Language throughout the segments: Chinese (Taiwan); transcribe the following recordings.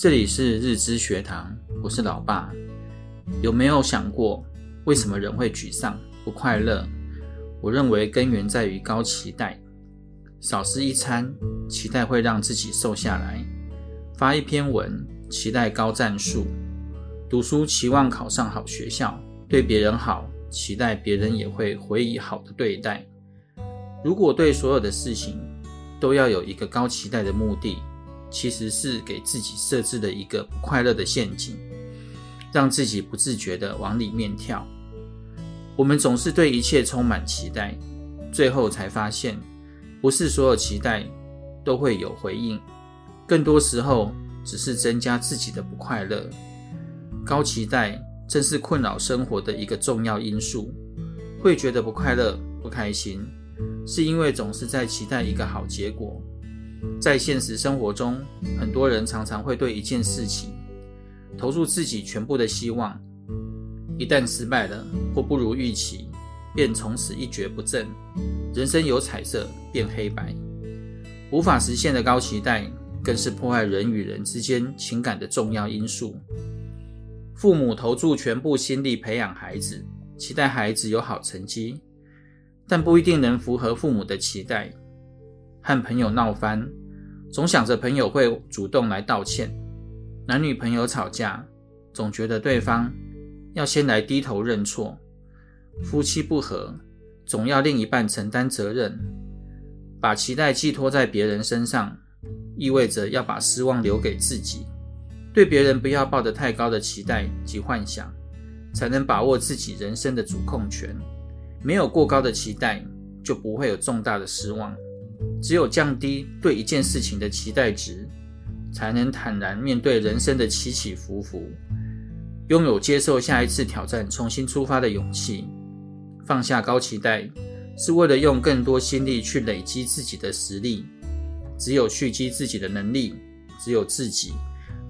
這裡是日知學堂，我是老爸。有沒有想過，為什麼人會沮喪、不快樂？我認為根源在於高期待。少吃一餐，期待會讓自己瘦下來；發一篇文，期待高贊數；讀書，期望考上好學校；對別人好，期待別人也會回以好的對待。如果對所有的事情都要有一個高期待的目的，其實是給自己設置了一個不快樂的陷阱，讓自己不自覺的往裡面跳。我們總是對一切充滿期待，最後才發現，不是所有期待都會有回應，更多時候只是增加自己的不快樂。高期待正是困擾生活的一個重要因素，會覺得不快樂、不開心，是因為總是在期待一個好結果。在現實生活中，很多人常常會對一件事情投入自己全部的希望，一旦失敗了或不如預期，便從此一蹶不振，人生由彩色變黑白。無法實現的高期待，更是破壞人與人之間情感的重要因素。父母投注全部心力培養孩子，期待孩子有好成績，但不一定能符合父母的期待，和朋友鬧翻。總想着朋友會主動來道歉，男女朋友吵架，總覺得對方要先來低頭認錯；夫妻不和，總要另一半承擔責任。把期待寄托在別人身上，意味着要把失望留給自己。對別人不要抱得太高的期待及幻想，才能把握自己人生的主控權。沒有過高的期待，就不會有重大的失望。只有降低對一件事情的期待值，才能坦然面對人生的起起伏伏，擁有接受下一次挑戰、重新出發的勇氣。放下高期待，是為了用更多心力去累積自己的實力。只有蓄積自己的能力，只有自己，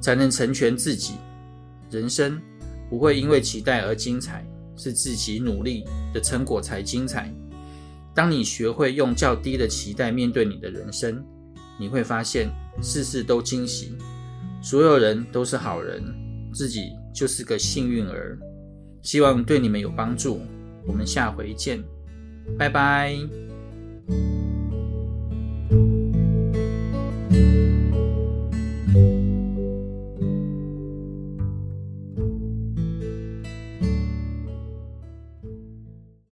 才能成全自己。人生不會因為期待而精彩，是自己努力的成果才精彩。當你學會用較低的期待面對你的人生，你會發現事事都驚喜，所有人都是好人，自己就是個幸運兒。希望對你們有幫助，我們下回見，拜拜。